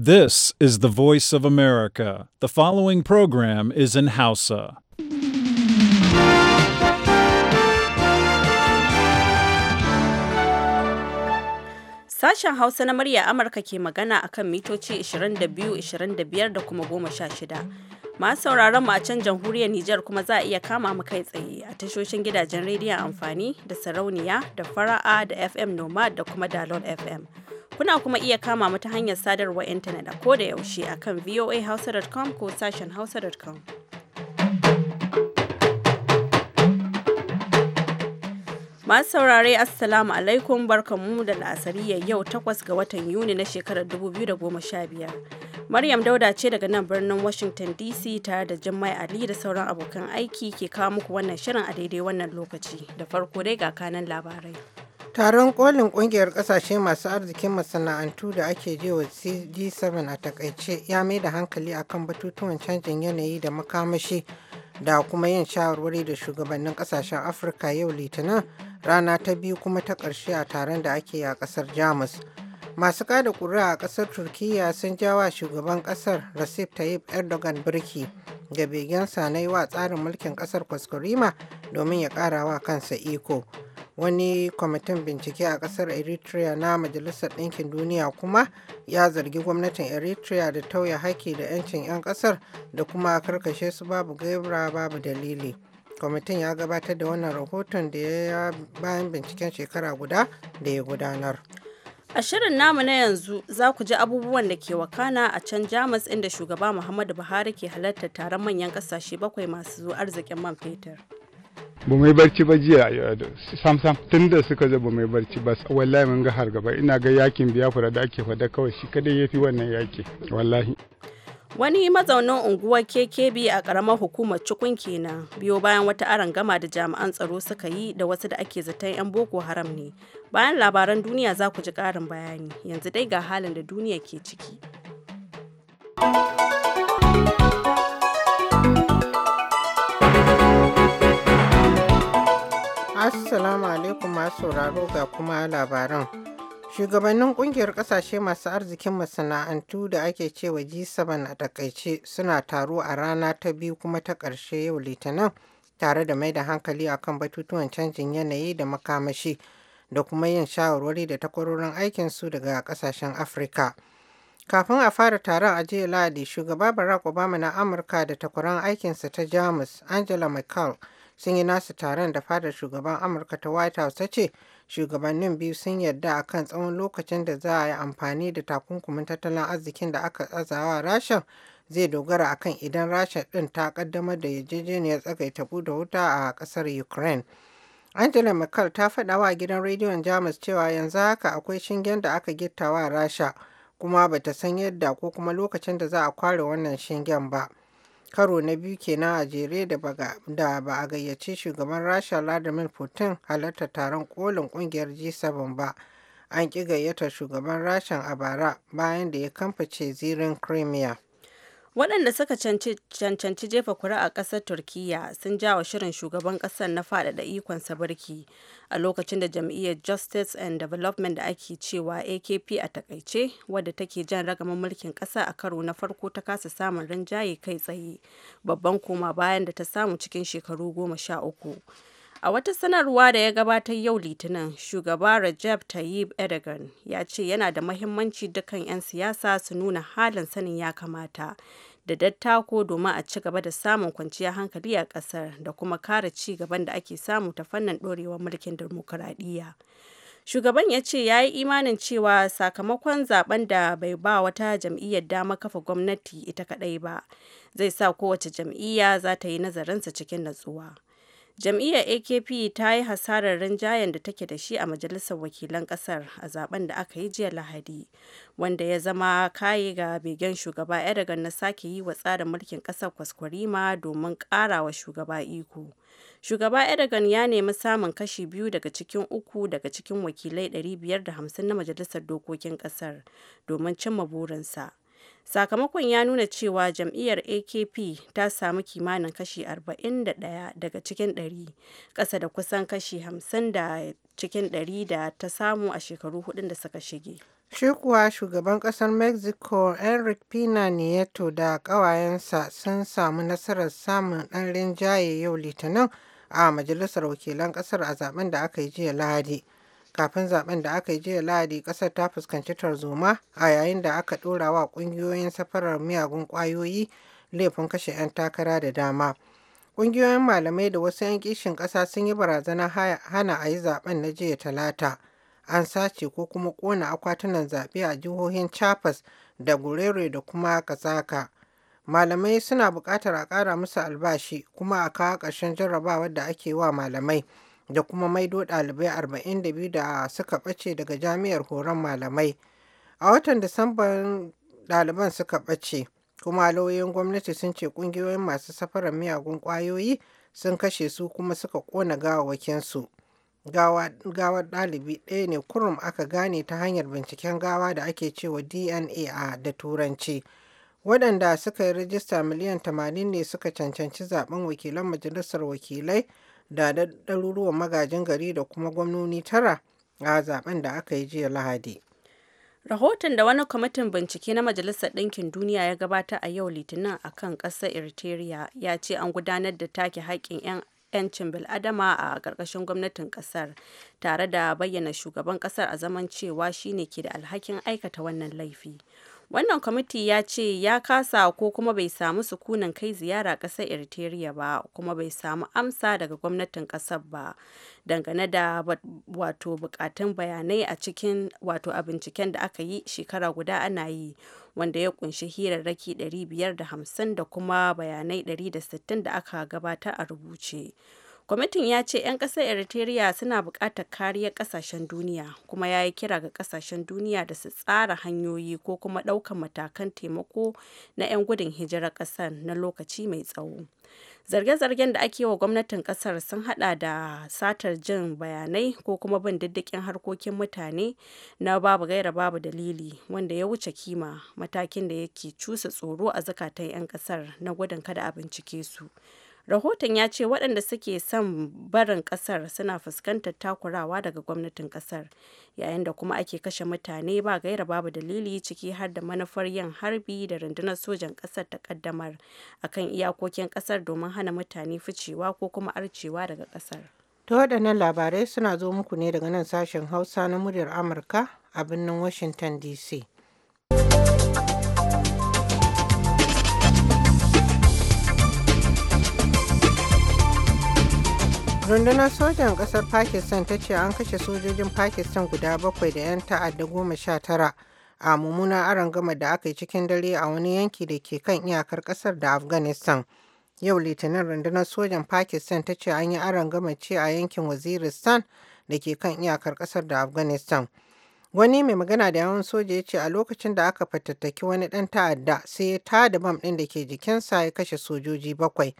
This is the voice of America. The following program is in Hausa. Sashen Hausa na murya Amurka ke magana akan mitoci 22, 25 da kuma goma sha shida Masu sauraron mu a can jamhuriyar Nijar kuma za a iya kama mu kai tsaye a tashoshin gidajen rediyon amfani da sarauniya da fara'a da FM Nomad da kuma Dalol FM. Kuna kuma iya kama mu ta hanyar sadarwar intanet a ko da yaushe a voa voahausa.com ko sashen hausa.com. Masu saurare Assalamu alaikum barkanmu da la'asariya yau takwas ga watan Yuni na shekarar 2015. Maryam Dauda ce daga nan birnin Washington DC tare da Jummai Ali da sauran abokan aiki ke kawo muku wannan shirin a daidai wannan lokaci. Da farko dai ga kanan labarai. Taron kolin kungiyar kasashe masu arzikin masana'antu da ake jewa cd 7 a takaice ya mai da hankali akan batutuwan canjin yanayi da makamashi da kuma yin shawarwari da shugabannin kasashen Afirka yau Litinin rana ta biyu kuma ta ƙarshe a taron da ake a ƙasar Jamus. Masu kada ƙuri'a a ƙasar Turkiyya sun jawa shugaban ƙasar Recep Tayyip Erdogan birki ga begensa na yi wa tsarin mulkin ƙasar kwaskwarima domin ya ƙara wa kansa iko. wani kwamitin bincike a kasar eritrea na majalisar ɗinkin duniya kuma ya zargi gwamnatin eritrea da tauye haƙƙi da 'yancin 'yan ƙasar da kuma karkashe su babu gaira babu dalili kwamitin ya gabatar da wannan rahoton da ya bayan binciken shekara guda da ya gudanar A shirin namu na yanzu za ku ji abubuwan da ke wakana a can Jamus inda shugaba Muhammadu Buhari ke halartar taron manyan kasashe bakwai masu zuwa arzikin man fetur. ba mai barci ba jiya sam sam tun da suka zo ba mai barci ba wallahi mun ga har gaba ina ga yakin biyafura da ake fada kawai shi kadai fi wannan yaki wallahi wani mazaunin unguwar kkb a karamar hukumar cikun kenan biyo bayan wata aron gama da jami'an tsaro suka yi da wasu da ake zaton 'yan boko haram ne bayan labaran duniya za ku ji karin bayani yanzu dai ga halin da duniya ke ciki Assalamu alaikum masu sauraro ga kuma labaran. Shugabannin kungiyar kasashe masu arzikin masana'antu da ake cewa G7 a takaice suna taro a rana ta biyu kuma ta ƙarshe yau Litinin tare da mai da hankali akan batutuwan canjin yanayi da makamashi da kuma yin shawarwari da takwarorin aikinsu daga kasashen Afrika. Kafin a fara taron a jiya Lahadi, shugaba Barack Obama na Amurka da takwarorin aikinsa ta Jamus, Angela Merkel, sun yi nasu taron da fadar shugaban amurka ta white house ta ce shugabannin biyu sun yarda a kan tsawon lokacin da za a yi amfani da takunkumin tattalin arzikin da aka tsazawa Rasha zai dogara a kan idan rasha din ta kaddamar da yarjejeniyar tsagaita buɗe wuta a ƙasar ukraine angela merkel ta faɗa wa gidan rediyon jamus cewa yanzu haka akwai shingen da aka gittawa rasha kuma bata san yadda ko kuma lokacin da za a kware wannan shingen ba karo na biyu kenan a jere da ba a gayyace shugaban rasha vladimir putin halarta taron kolin kungiyar g7 ba an ƙi gayyata shugaban rashan a bara bayan da ya kamface zirin crimea waɗanda suka cancanci jefa kuri'a a ƙasar turkiyya sun ja wa shirin shugaban ƙasar na faɗaɗa ikonsa barki a lokacin da jam'iyyar justice and development da ake cewa akp a takaice wadda take jan ragaman mulkin ƙasa a karo na farko ta kasa samun rinjaye kai tsaye babban koma bayan da ta samu cikin shekaru goma sha uku A wata sanarwa da ya gabata yau Litinin, shugaba rajab Tayyip Erdogan ya ce yana da mahimmanci dukkan 'yan siyasa su nuna halin sanin ya kamata da dattako domin a ci gaba da samun kwanciyar hankali a ƙasar da kuma kare ci gaban da ake samu ta fannin ɗorewar mulkin dimokuraɗiyya. Shugaban ya ce ya yi imanin cewa sakamakon zaben da bai ba wata jam'iyyar dama kafa gwamnati ita kaɗai ba zai sa kowace jam'iyya za ta yi nazarinsa cikin natsuwa. jam'iyyar akp ta yi hasarar rinjayen da take da shi a majalisar wakilan ƙasar a zaben da aka yi jiya lahadi wanda ya zama kayi ga begen shugaba erdogan na sake yi wa tsarin mulkin kasar kwaskwarima domin ƙara wa shugaba iko shugaba erdogan ya nemi samun kashi biyu daga cikin uku daga cikin wakilai 550 na majalisar dokokin ƙasar, domin cimma burinsa Sakamakon ya nuna cewa jam'iyyar AKP ta samu kimanin kashi 41 daga cikin 100, ƙasa da kusan kashi 50 da cikin 100 da ta samu a shekaru hudun da suka shige. Shi kuwa shugaban kasar Mexico Enrique Pina Nieto da ƙawayensa sun samu nasarar samun dan rinjaye yau Litinin a Majalisar Wakilan kasar a zaben da aka yi jiya Lahadi. kafin zaben da aka yi jiya lahadi kasar ta fuskanci tarzoma a yayin da aka dora wa kungiyoyin safarar miyagun kwayoyi laifin kashe 'yan takara da dama kungiyoyin malamai da wasu 'yan kishin kasa sun yi barazana hana a yi zaben na jiya talata an sace ko kuma kona akwatunan zaɓe a jihohin chapas da gurere da kuma kasaka malamai suna buƙatar a ƙara musu albashi kuma a kawo ƙarshen jarrabawar da ake wa malamai da kuma maido dalibai 42 da suka ɓace daga jami'ar horon malamai. A watan Disamban daliban suka ɓace, kuma lauyoyin gwamnati sun ce ƙungiyoyin masu safarar miyagun ƙwayoyi sun kashe su kuma suka kona gawawakinsu. Gawar dalibi ɗaya ne kurum aka gane ta hanyar binciken gawa da ake cewa DNA a da Turanci. Waɗanda suka yi rajista miliyan 80 ne suka cancanci zaben wakilan majalisar wakilai da ɗaruruwan magajin gari da kuma gwamnoni tara a zaben da aka yi jiya lahadi rahoton da wani kwamitin bincike na majalisar ɗinkin duniya ya gabata a yau litinin a kan ƙasar eritrea ya ce an gudanar da take haƙƙin 'yan 'yancin bil'adama a ƙarƙashin gwamnatin ƙasar tare da bayyana shugaban ƙasar a zaman cewa shine ke da alhakin aikata wannan laifi wannan kwamiti ya ce ya kasa ko kuma bai samu sukunan kai ziyara ƙasar eritrea ba kuma bai samu amsa daga gwamnatin ƙasar ba dangane da wato bukatun bayanai a cikin wato a binciken da aka yi shekara guda ana yi wanda ya kunshi hirarraki 550 da kuma bayanai 160 da aka gabata a rubuce Kwamitin ya ce 'yan ƙasar Eritrea suna buƙatar kariyar ƙasashen duniya kuma ya yi kira ga ƙasashen duniya da su tsara hanyoyi ko kuma ɗaukar matakan taimako na 'yan gudun hijirar ƙasar na lokaci mai tsawo. Zarge-zargen da ake wa gwamnatin ƙasar sun hada da satar jin bayanai ko kuma bin diddikin harkokin mutane na babu gaira babu dalili wanda ya wuce kima matakin da yake cusa tsoro a zukatan 'yan ƙasar na gudun kada a bincike su. Rahoton ya ce waɗanda suke son barin ƙasar suna fuskantar takurawa daga gwamnatin ƙasar, yayin da kuma ake kashe mutane ba gaira babu dalili ciki har da manufar yin harbi da rundunar sojan ƙasar ta ƙaddamar akan iyakokin ƙasar domin hana mutane ficewa ko kuma arcewa daga ƙasar. Ta waɗannan labarai suna zo muku ne daga nan sashen Hausa na muryar Amurka a birnin Washington DC. rundunar sojan kasar pakistan ta ce an kashe sojojin pakistan guda bakwai da 'yan ta'adda goma sha tara a mummunan gama da aka yi cikin dare a wani yanki da ke kan iyakar kasar da afghanistan yau litinin rundunar sojan pakistan ta ce an yi aron gama ce a yankin waziristan da ke kan iyakar kasar da afghanistan wani mai magana da yawan soja ya ce a lokacin da aka fatattaki wani dan ta'adda sai ya tada bam ɗin da ke jikinsa ya kashe sojoji bakwai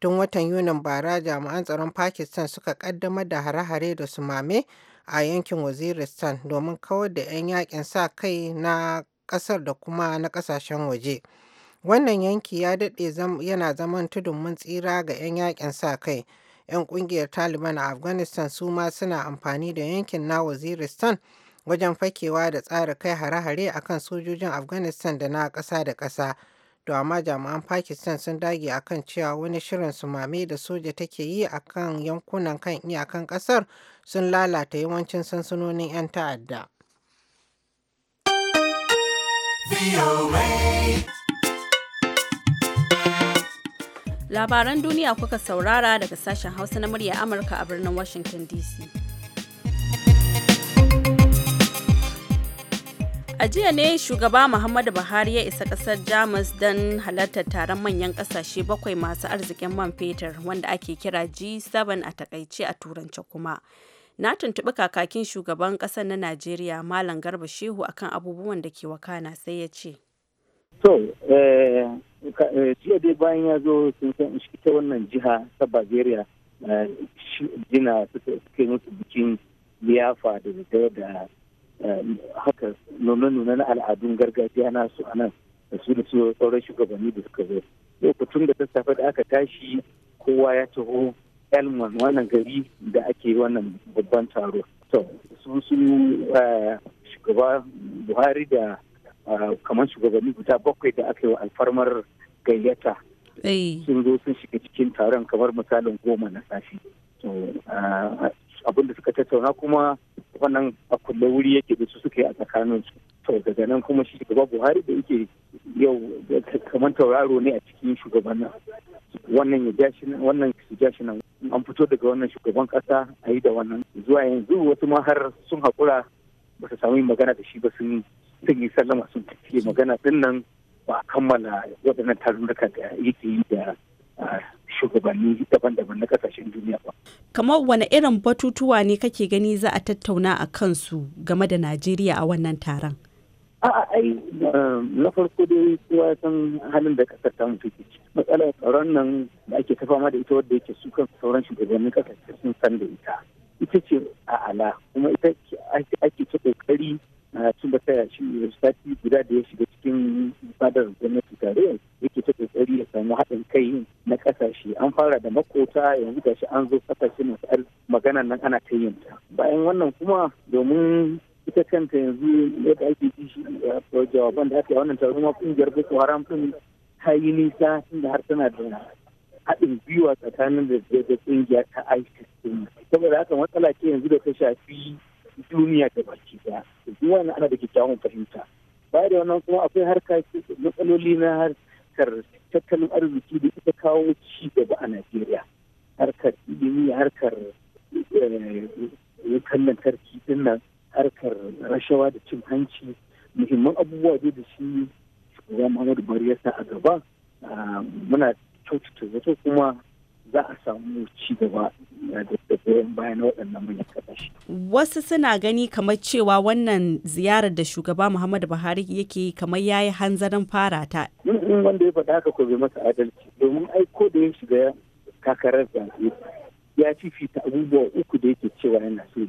Tun watan Yunin bara jami'an tsaron Pakistan suka ƙaddamar da hare-hare da sumame a yankin Waziristan domin kawar da 'yan yakin sa kai na ƙasar da kuma na ƙasashen waje. Wannan yanki ya daɗe yana zaman tudun mun tsira ga 'yan yakin sa kai. 'Yan ƙungiyar Taliban a Afghanistan su ma suna amfani da yankin na Waziristan wajen fakewa da tsara kai hare-hare akan sojojin Afghanistan da na ƙasa da ƙasa. to amma jami'an pakistan sun dage akan cewa wani shirin sumame da soja take yi a kan yankunan kan iyakan kasar sun lalata yawancin sansanonin 'yan ta'adda labaran duniya kuka saurara daga sashen hausa na murya amurka a birnin washington dc A jiya ne shugaba Muhammadu Buhari ya isa kasar Jamus don halartar taron manyan kasashe bakwai masu arzikin man fetur wanda ake kira G7 a takaice a turance kuma. Na tuntuɓi kakakin shugaban ƙasar na Najeriya Malam Garba Shehu akan abubuwan da ke wakana sai ya ce. so eh, eh, jiya dai bayan ya zo sun san ita wannan jiha ta bajeriya eh, jina suka yi musu bikin liyafa da da haka nuna-nuna na al'adun gargajiya su a nan da su da su sauran shugabanni da suka zo lokacin da ta safe da aka tashi kowa ya taho elman wannan gari da ake wannan babban taro to su su eh, shugaba buhari da eh, kamar shugabanni guda bakwai da aka yi wa alfarmar gayyata sun zo sun shiga cikin taron kamar misalin goma na safe eh, abin da suka tattauna kuma wannan a kulle wuri yake da su suka a tsakanin su to daga nan kuma shi shugaba buhari da yake yau kamar tauraro ne a cikin shugabannin wannan ya ja shi wannan su shi nan an fito daga wannan shugaban kasa a yi da wannan zuwa yanzu wasu ma har sun haƙura ba su samu magana da shi ba sun sun yi sallama sun tafi magana din nan ba a kammala waɗannan tarurruka da yake yi da shugabanni daban-daban na kasashen duniya ba. Kamar wani irin batutuwa ne kake gani za a tattauna a kansu game da Najeriya a wannan taron? A'a ai na farko dai kowa san halin da kasar ta mutu ke ci. Matsalar tsaron nan da ake ta fama da ita wadda yake su kan sauran shugabannin kasashe sun san da ita. Ita ce a ala kuma ita ake ta kokari tumbata shi sati guda da ya shiga cikin fadar gwamnati tare yake ta kokari ya samu haɗin kai na ƙasashe an fara da makota yanzu shi an zo ƙasashe masu magana nan ana ta yin ta bayan wannan kuma domin ita kanta yanzu yadda ake ji shi jawaban da aka yi wannan taron kungiyar boko haram din ta yi nisa inda har tana da haɗin gwiwa tsakanin da ƙungiya ta isis saboda haka matsala ce yanzu da ta shafi duniya da baki daya duk wannan ana da kyakkyawan fahimta baya da wannan kuma akwai harka matsaloli na harkar tattalin arziki da ita kawo ci gaba a najeriya harkar ilimi harkar eh, wutan lantarki din nan harkar rashawa da cin hanci muhimman abubuwa dai da shi shugaba muhammadu bari ya sa a gaba ah, muna kyautata zato kuma za a samu ci gaba da goyon bayan waɗannan manyan kasashe. Wasu suna gani kamar cewa wannan ziyarar da shugaba Muhammadu Buhari yake kamar ya yi hanzarin fara ta. Yin wanda ya faɗa haka ko bai masa adalci domin aiko da ya shiga kakarar zaɓe ya ci fita abubuwa uku da yake cewa yana so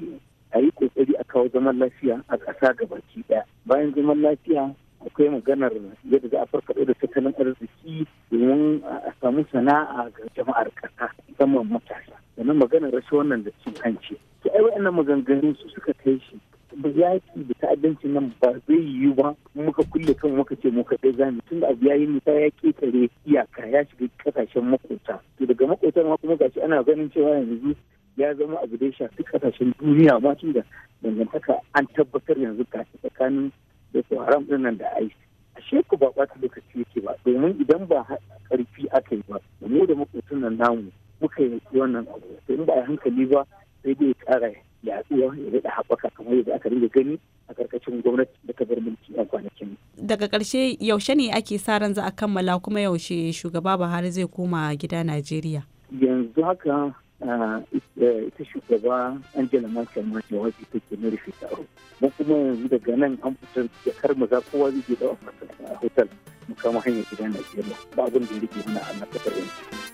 a yi ƙoƙari a kawo zaman lafiya a ƙasa gabaki ɗaya bayan zaman lafiya akwai maganar yadda za a farfaɗo da tattalin arziki domin a samu sana'a ga jama'ar ƙasa musamman matasa sannan maganar rashin wannan da cin hanci to ai wa'annan maganganun su suka kai shi yaƙi da ta'addancin nan ba zai yiwu ba muka kulle kan muka ce muka kai zami tun da abu ya yi nisa ya ketare iyaka ya shiga kasashen makota to daga makota ma kuma gashi ana ganin cewa yanzu ya zama abu da ya shafi ƙasashen duniya ma tun dangantaka an tabbatar yanzu gashi tsakanin da haram din nan da aiki ashe ku ba ɓata lokaci yake ba domin idan ba karfi aka yi ba mu da makwabtan nan namu muka yi wannan abu domin ba a hankali ba sai dai ƙara yaduwa ya daɗa haɓaka kamar yadda aka ringa gani a karkashin gwamnati da ta bar mulki a kwanakin. Daga ƙarshe yaushe ne ake sa ran za a kammala kuma yaushe shugaba Buhari zai koma gida Najeriya. Yanzu haka ita shugaba angela merkel ma jawabi take na rufe taro don kuma yanzu daga nan an fitar da kar za kowa zai je da a hotel mu kama hanyar gidan najeriya ba abin da ya rike mana a kasar yanzu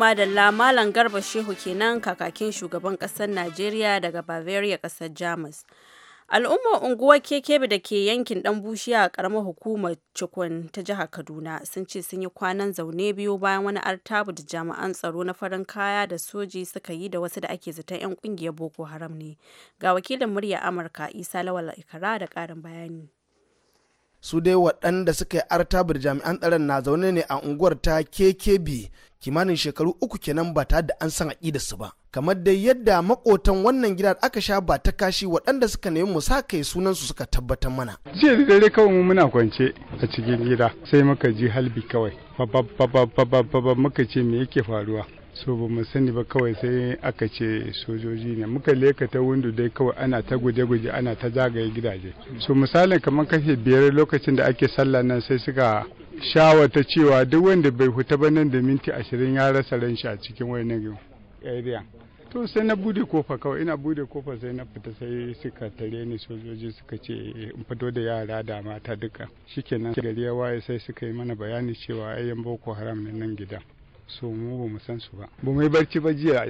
madalla Malam Garba Shehu kenan kakakin shugaban ƙasar Najeriya daga Bavaria ƙasar Jamus. Al'ummar unguwar Kekebe da ke yankin ɗan bushiya a ƙaramar hukumar Cikon ta jihar Kaduna sun ce sun yi kwanan zaune biyu bayan wani artabu da jami'an tsaro na farin kaya da soji suka yi da wasu da ake zaton 'yan ƙungiyar Boko Haram ne. Ga wakilin murya Amurka Isa Lawal Ikara da ƙarin bayani. su dai waɗanda suka yi artabar jami'an tsaron na zaune ne a unguwar ta kkb kimanin shekaru uku kenan ba tare da an san a su ba kamar dai yadda makotan wannan gidan aka sha ba ta kashi waɗanda suka nemi mu sa kai sunan su suka tabbatar mana jiya da dare kawai mu muna kwance a cikin gida sai muka ji halbi kawai babba muka ce me yake faruwa so ba mu sani ba kawai sai aka ce sojoji ne muka leka ta windo dai kawai ana ta guje-guje ana ta zagaye gidaje so misalin kamar kashe biyar lokacin da ake sallah nan sai suka shawata cewa duk wanda bai huta ba nan da minti ashirin ya rasa ran shi a cikin wayannan area to sai na bude kofa kawai ina bude kofa sai na fita sai suka tare ni sojoji suka ce eh, in fito da yara da mata duka shikenan gari ya waye sai suka yi mana bayani cewa ayyan boko haram ne nan gida so mu ba mu san su ba ba mu barci ba jiya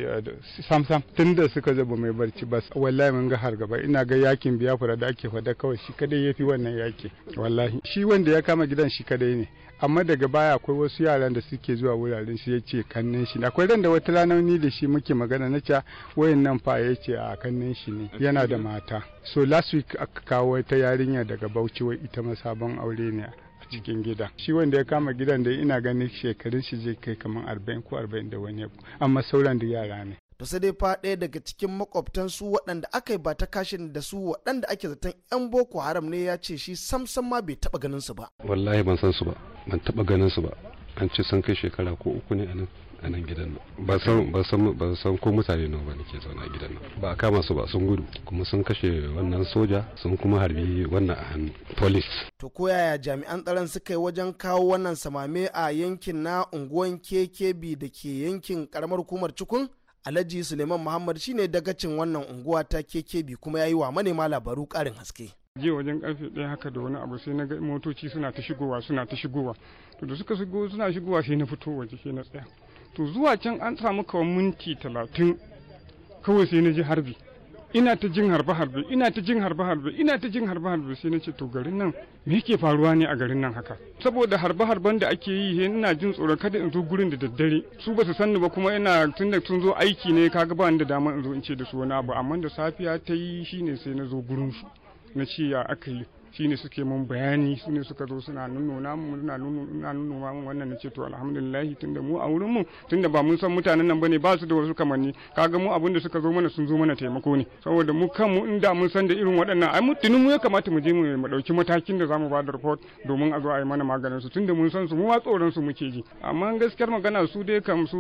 sam sam tun da suka zo ba mu barci ba wallahi mun ga har gaba ina ga yakin biyafura da ake fada kawai shi kadai yafi wannan yaki wallahi shi wanda ya kama gidan shi kadai ne amma daga baya akwai wasu yaran da suke zuwa wuraren su yace kannin shi akwai ran da wata rana ni da shi muke magana na ca wayannan fa yace a kannin shi ne yana da mata so last week aka kawo ta yarinya daga Bauchi wai ita ma sabon aure ne cikin gida shi wanda ya kama gidan da ina ganin shekarun shi zai kai kamar arba'in ko arba'in da wani amma sauran da yara ne to sai dai fa ɗaya daga cikin makwabtan su waɗanda aka yi ba ta kashin da su waɗanda ake zaton yan boko haram ne ya ce shi samsam ma bai taɓa ganin su ba wallahi ban san su ba ban taɓa ganin su ba an ce sun kai shekara ko uku ne a nan a nan gidan nan ba san ko mutane nawa ba ke zauna a gidan nan ba kama su ba sun gudu kuma sun kashe wannan soja sun kuma harbi wannan a um, hannu police to ko yaya jami'an tsaron suka yi wajen kawo wannan samame a yankin na unguwan kekebi da ke yankin karamar hukumar cikun alhaji suleiman muhammad shine dagacin wannan unguwa ta kekebi kuma ya yi wa manema labaru karin haske jiya wajen karfe ɗaya haka da wani abu sai na ga motoci suna ta shigowa suna ta shigowa to da suka shigo suna shigowa sai na fito waje sai na tsaya to zuwa can an samu kawai minti talatin kawai sai na ji harbi ina ta jin harbe harbe ina ta jin harbe harbe ina ta jin harbe harbe sai na ce to garin nan me yake faruwa ne a garin nan haka saboda harbe harban da ake yi ina jin tsoron kada in zo gurin da daddare su ba su sanni ba kuma ina tunda sun zo aiki ne kaga ba da dama in zo in ce da su wani abu amma da safiya ta yi shine sai na zo gurin su na ce ya aka yi Shi ne suke mun bayani su ne suka zo suna nunnuna mu suna nunnuna nunnuna mu wannan nace to alhamdulillah tunda mu a wurin mu tunda ba mun san mutanen nan bane ba su da wasu kamanni kaga mu abin da suka zo mana sun zo mana taimako ne saboda mu kanmu inda mun san da irin waɗannan ai mu mu ya kamata mu je mu dauki matakin da zamu ba da report domin a zo a yi mana maganin su tunda mun san su mu ma tsoron su muke ji amma gaskiyar magana su dai kam su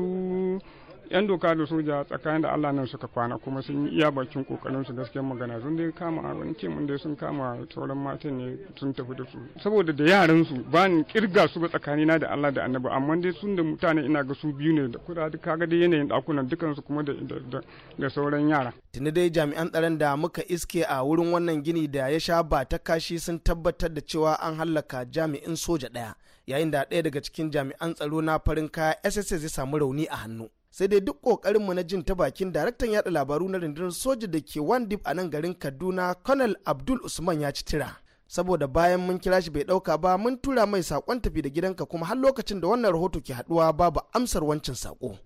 yan doka da soja tsakanin da Allah nan suka kwana kuma sun yi iya bakin kokarin su gaskiyar magana sun dai kama wani ce mun dai sun kama sauran matan ne sun tafi da su saboda da yaran su ba ni kirga su ba tsakanina da Allah da Annabi amma dai sun da mutane ina ga su biyu ne da kuda kaga dai yanayin dakunan dukan su kuma da sauran yara tuni dai jami'an tsaron da muka iske a wurin wannan gini da ya sha ba ta kashi sun tabbatar da cewa an hallaka jami'in soja daya yayin da ɗaya daga cikin jami'an tsaro na farin kaya sss ya samu rauni a hannu sai dai duk mu na jin ta bakin daraktan yada labaru na rundunar soja da ke dip a nan garin kaduna colonel abdul usman ya ci tira saboda bayan mun kira shi bai dauka ba mun tura mai sakon tafi da gidanka kuma har lokacin da wannan rahoto ke haduwa babu amsar wancan sako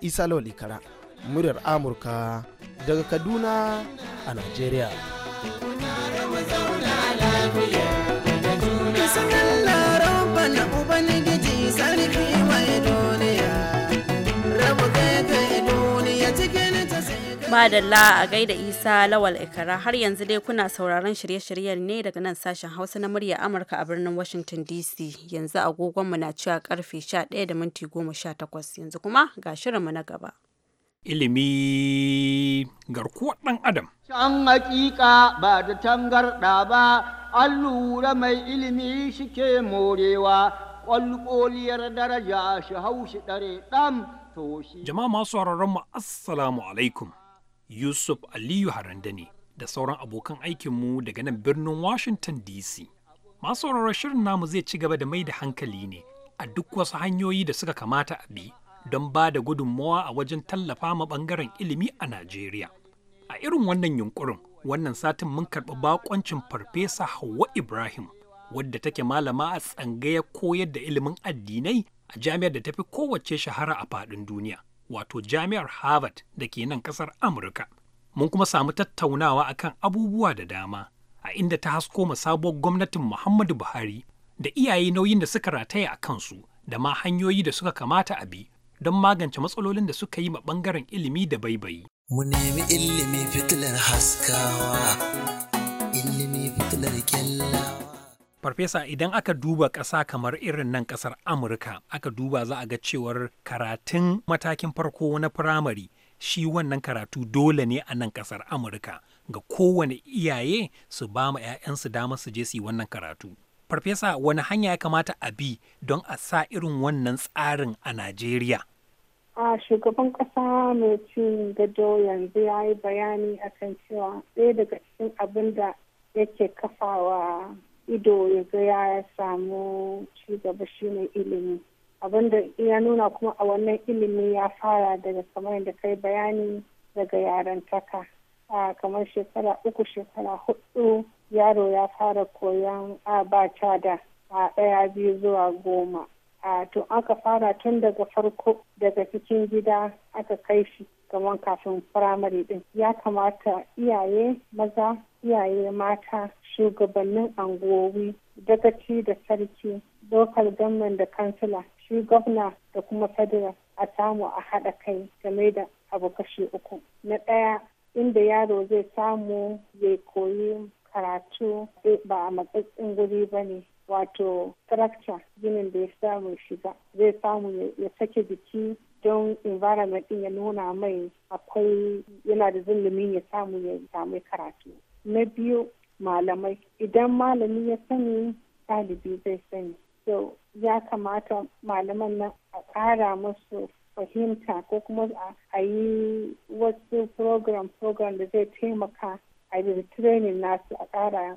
isa lawali kara muryar amurka daga kaduna a najeriya Madalla a gaida Isa Lawal Ikara har yanzu dai kuna sauraron shirye-shiryen ne daga nan sashen Hausa na murya Amurka a birnin Washington DC. Yanzu agogonmu na cewa karfe 11 da minti 18 yanzu kuma ga shirinmu na gaba. Ilimi garkuwar ɗan Adam. Can hakika ba da tangarɗa ba, allura mai ilimi shike morewa, ƙwalƙoliyar daraja shi haushi dare dam Jama'a masu mu Assalamu alaikum. Yusuf Aliyu Haranda ne da sauran abokan aikinmu daga nan birnin Washington DC. Masu shirin namu zai ci gaba da mai da hankali ne a duk wasu hanyoyi da suka kamata a bi don ba da gudunmawa a wajen tallafa ma bangaren ilimi a Najeriya. A irin wannan yunkurin, wannan satin mun karɓi bakoncin Farfesa Hauwa Ibrahim, wadda take malama a tsangayar koyar da ilimin addinai a jami'ar da tafi kowace shahara a faɗin duniya. wato jami'ar Harvard da ke nan kasar Amurka. Mun kuma samu tattaunawa akan abubuwa da dama a inda ta hasko ma sabuwar gwamnatin Muhammadu Buhari da iyaye nauyin da suka rataya a kansu da ma hanyoyi da suka kamata a bi don magance matsalolin da suka yi ma bangaren ilimi da baibayi. Mu nemi ilimi fitilar haskawa, ilimi fitilar kyalla Farfesa idan aka duba ƙasa kamar irin nan ƙasar Amurka aka duba za a ga cewar karatun matakin farko na firamare shi wannan karatu dole ne a nan ƙasar Amurka ga kowane iyaye su ba ma 'ya'yansu dama su je su yi wannan karatu. Farfesa wani hanya ya kamata a bi don a sa irin wannan tsarin a Najeriya? a shugaban ƙasa mai cin gado yanzu ya yi bayani akan cewa ɗaya daga cikin abin da yake kafawa ido ya ga ya samu shi ne ilimi abinda ya nuna kuma a wannan ilimi ya fara daga kamar da kai bayani daga yarantaka a kamar shekara uku shekara hudu yaro ya fara koyon a ba da a daya biyu zuwa goma a to aka fara tun daga farko daga cikin gida aka kai shi kamar kafin firamare din ya kamata iyaye maza iyaye mata shugabannin anguwowi dagaci da sarki lokal gamnan da kansila shi gwamna da kuma federal a samu a haɗa kai game da abu kashe uku na ɗaya inda yaro zai samu ya koyi karatu eh, ba a matsatsin guri ba ne wato structure ginin da ya samu shiga zai samu ya sake jiki don environment ya nuna mai akwai yana da zulumi ya samu ya samu karatu na biyu malamai idan malami ya sani ɗalibi zai sani so ya kamata malaman nan a ƙara musu fahimta ko kuma a yi wasu program program da zai taimaka a yi training nasu a ƙara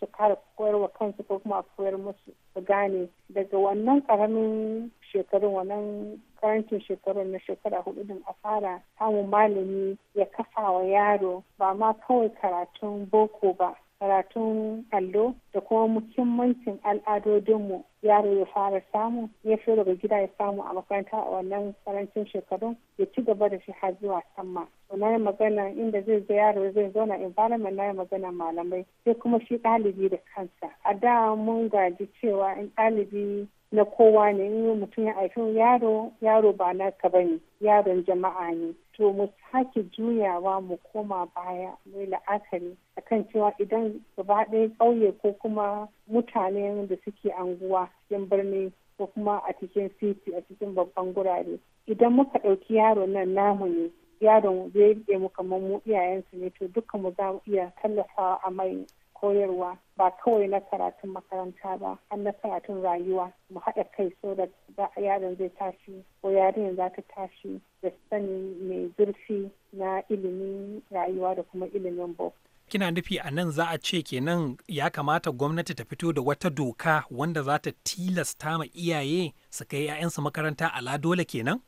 su kara koyarwa kansu ko kuma a koyar musu su gane daga wannan ƙaramin shekarun wannan karancin shekarun na shekara hudu din a fara samun malami ya kafa wa yaro ba ma kawai karatun boko ba karatun allo da kuma muhimmancin al'adodinmu yaro ya fara samu ya fi daga gida ya samu a makaranta a wannan karancin shekarun ya ci gaba da shi har zuwa sama wannan magana inda zai zo yaro zai zauna environment na magana malamai sai kuma shi ɗalibi da kansa a da mun gaji cewa in ɗalibi na kowa ne in mutum ya aikin yaro yaro ba naka ba ne yaron jama'a ne to mu sake juyawa mu koma baya mai la'akari akan cewa idan gaba ɗaya ƙauye ko kuma mutane da suke anguwa cikin birni ko kuma a cikin city a cikin babban gurare idan muka ɗauki yaro nan namu ne yaron zai mu kamar mu iyayensu ne to duka mu za mu iya tallafawa a mai koyarwa ba kawai na karatun makaranta ba har na karatun rayuwa mu haɗa kai so da yaron zai tashi ko yarin za ta tashi da sani mai zurfi na ilimin rayuwa da kuma ilimin boko kina nufi a nan za a ce kenan ya kamata gwamnati ta fito da wata doka wanda za ta tilasta ma iyaye su kai 'ya'yansu makaranta al'adole ladola kenan?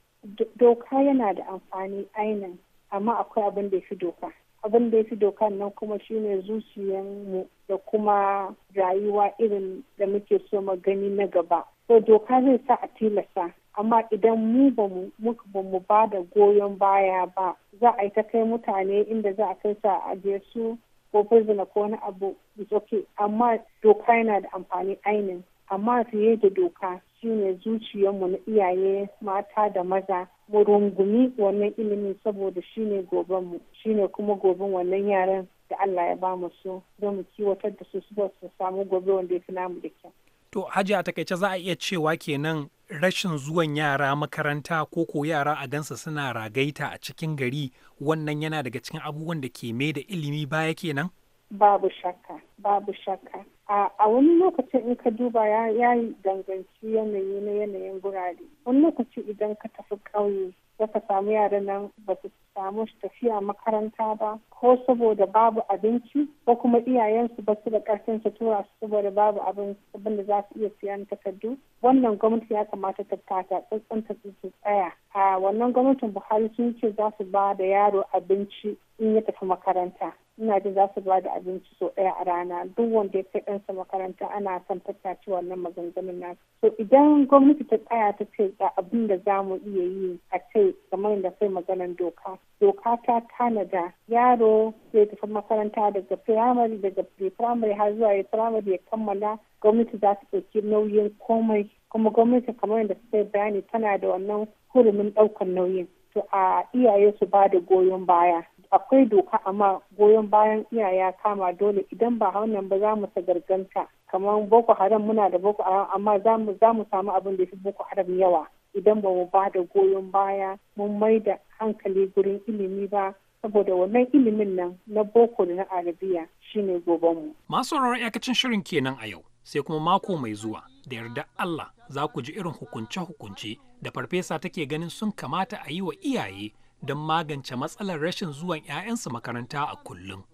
doka yana da amfani ainihin amma akwai abin da ya fi doka abin da ya fi dokan nan kuma shine zuciyanmu da kuma rayuwa irin da muke so mu gani na gaba so doka zai sa a tilasta amma idan mu ba mu ba mu ba da goyon baya ba za a yi ta kai mutane inda za a kai sa a je su ko prisoner ko wani abu it's okay amma doka yana da amfani ainin amma fiye da doka shine zuciyarmu na iyaye mata da maza mu rungumi wannan ilimi saboda shine goben mu shine kuma goben wannan yaran da Allah ya mu su don mu kiwatar da su su samu gobe wanda ya fi namu da kyau. To Hajiya a takaice za a iya cewa kenan rashin zuwan yara makaranta ko ko yara a gansa suna ragaita a cikin gari wannan yana daga cikin abubuwan da ke mai da ilimi baya kenan? Babu shakka, babu shakka. A wani lokacin in ka duba ya yi danganci yanayi na yanayin gurare. Wani lokaci idan ka tafi ƙauye zaka samu yaran nan ba su samu tafiya makaranta ba ko saboda babu abinci ko kuma iyayensu ba su da karfin su tura su saboda babu abin da za su iya siyan takardu wannan gwamnati ya kamata ta kata tsantsan ta tsaya a wannan gwamnatin buhari sun ce za su ba da yaro abinci in ya tafi makaranta ina jin za su ba da abinci so ɗaya a rana duk wanda ya kai ɗansa makaranta ana son tattaci wannan maganganun nasu so idan gwamnati ta tsaya ta ce ga abin da za mu iya yi a ce kamar da sai maganar doka doka ta kanada yaro zai tafi makaranta daga firamare daga firamare har zuwa ya firamare ya kammala gwamnati za ta ɗauki nauyin komai kuma gwamnati kamar da sai bayani tana da wannan hurumin ɗaukar nauyin to a iyaye su ba da goyon baya akwai doka amma goyon bayan iyaya kama dole idan ba wannan ba za mu garganta kamar boko haram muna da boko haram amma za mu samu abin da ya fi boko haram yawa idan ba mu ba da goyon baya mun mai da hankali gurin ilimi ba saboda wannan ilimin nan na boko da na arabiya shine gobenmu. Masu rawar yakacin shirin kenan a yau sai kuma mako mai zuwa da yarda Allah za ku ji irin hukunce-hukunce da farfesa take ganin sun kamata a yi wa iyaye don magance matsalar rashin zuwan 'ya'yansu makaranta a kullum.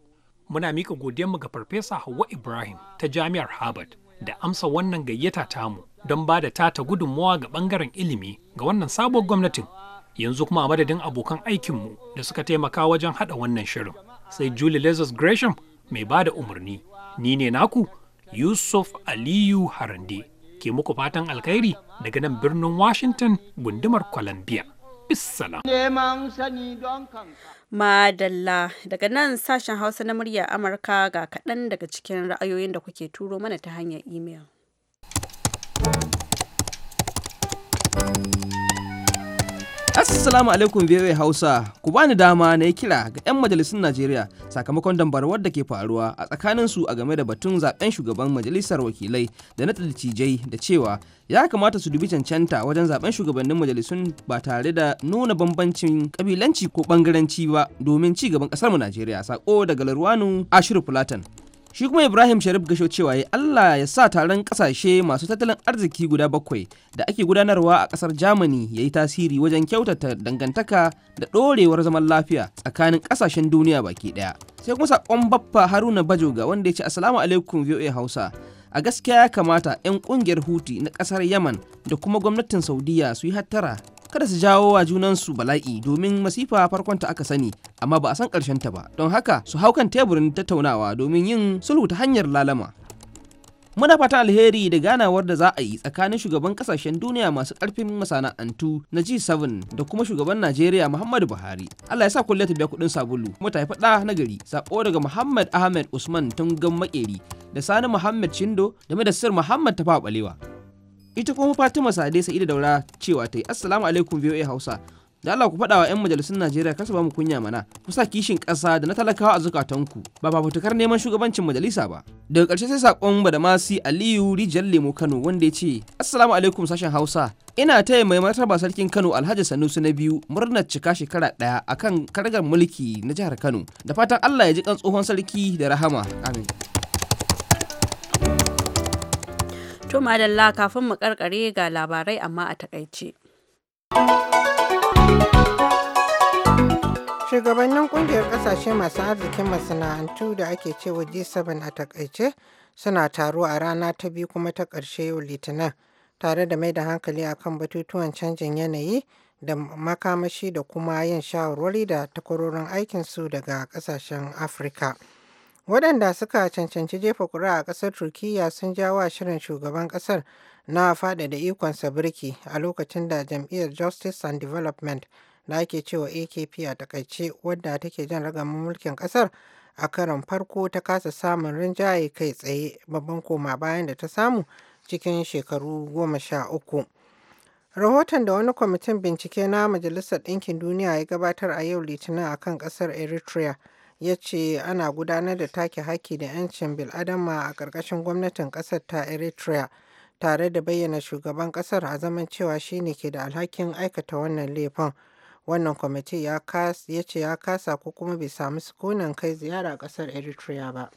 Muna mika godiyanmu ga farfesa Hauwa Ibrahim ta Jami'ar Harvard da amsa wannan gayyata tamu don ba da tata gudunmawa ga bangaren ilimi ga wannan sabon gwamnatin yanzu kuma a madadin abokan aikinmu da suka taimaka wajen hada wannan shirin sai julie lazarus gresham mai ba da umarni ni ne naku yusuf aliyu harande ke muku fatan alkhairi daga nan birnin washington gundumar columbia Madalla daga nan sashen Hausa na murya Amurka ga kaɗan daga cikin ra'ayoyin da kuke turo mana ta hanyar imel. Assalamu alaikum VOA Hausa, ku bani dama na yi kira ga 'yan majalisun Najeriya sakamakon dambarwar da ke faruwa a tsakaninsu a game da batun zaben shugaban majalisar wakilai da na dattijai da cewa ya kamata su dubi cancanta wajen zaben shugabannin majalisun ba tare da nuna bambancin kabilanci ko bangaranci ba domin ci gaban kasarmu Najeriya sako daga Larwanu Ashiru Fulatan. shi kuma ibrahim sharif gasho cewa ya allah ya sa taron kasashe masu tattalin arziki guda bakwai da ake gudanarwa a kasar germany ya yi tasiri wajen kyautata dangantaka da ɗorewar zaman lafiya tsakanin kasashen duniya baki ɗaya sai kuma saƙon baffa haruna bajoga wanda ya ce asalamu alaikum voa hausa a gaskiya ya kamata 'yan kungiyar huti na kasar yaman da kuma gwamnatin saudiya su yi hattara kada su jawo wa junansu bala'i domin masifa farkon ta aka sani amma ba a san ta ba don haka su hau kan teburin tattaunawa domin yin sulhu ta hanyar lalama muna fatan alheri da ganawar da za a yi tsakanin shugaban kasashen duniya masu karfin masana'antu na G7 da kuma shugaban Najeriya Muhammadu Buhari. Allah ya sa kulle ta biya kudin sabulu kuma ta haifi ɗa na gari. Sako daga Muhammad Ahmed Usman tun Tungan Makeri da Sani Muhammad Shindo da madassir Muhammad Tafa Balewa. ita kuma fatima sade sa'ida daura cewa ta yi assalamu alaikum voa hausa da Allah ku faɗa wa 'yan majalisun Najeriya kasa ba mu kunya mana ku kishin ƙasa da na talakawa a zukatanku ba fitukar neman shugabancin majalisa ba daga ƙarshe sai saƙon Badamasi Aliyu Rijal Lemo Kano wanda ya ce Assalamu alaikum sashen Hausa ina taya mai martaba sarkin Kano Alhaji Sanusi na biyu murnar cika shekara ɗaya akan kargar mulki na jihar Kano da fatan Allah ya ji kan tsohon sarki da rahama amin To madalla kafin mu karkare ga labarai amma a takaice. Shugabannin kungiyar kasashe masu arzikin masana'antu da ake cewa G7 a takaice suna taro a rana ta biyu kuma ta ƙarshe yau Litinin tare da mai da hankali akan batutuwan canjin yanayi da makamashi da kuma yin shawarwari da takwarorin aikinsu daga kasashen Afirka. Waɗanda suka cancanci jefa ƙuri'a a ƙasar Turkiyya sun ja wa shirin shugaban ƙasar na faɗaɗa ikonsa birki a lokacin da jam'iyyar Justice and Development da ake cewa AKP a takaice wadda take jan ragaman mulkin ƙasar a karon farko ta kasa samun rinjaye kai tsaye babban koma bayan da ta samu cikin shekaru goma sha uku. Rahoton da wani kwamitin bincike na Majalisar Ɗinkin Duniya ya gabatar a yau Litinin a kan ƙasar Eritrea ya ce ana gudanar da take haƙƙi da 'yancin bil'adama a ƙarƙashin gwamnatin ƙasar ta eritrea tare da bayyana shugaban ƙasar a zaman cewa ne ke da alhakin aikata wannan laifin wannan kwamiti ya ce ya kasa ko kuma bai samu sukunan kai ziyara ƙasar eritrea ba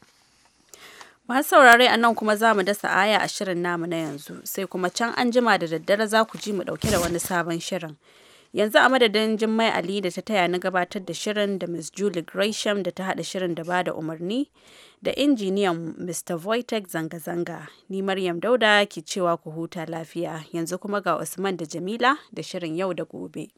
masu saurare a nan kuma za mu dasa aya a shirin namu na yanzu sai kuma can an jima da daddare za ku ji mu ɗauke da wani sabon shirin. Yanzu a madadin Jummai Ali da ta taya na gabatar da shirin da Miss Julie Gresham da ta haɗa shirin da bada umarni da injiniyan Mr. Voitech zanga-zanga. Ni Maryam Dauda ke cewa ku huta lafiya. Yanzu kuma ga Usman da Jamila da shirin yau da gobe.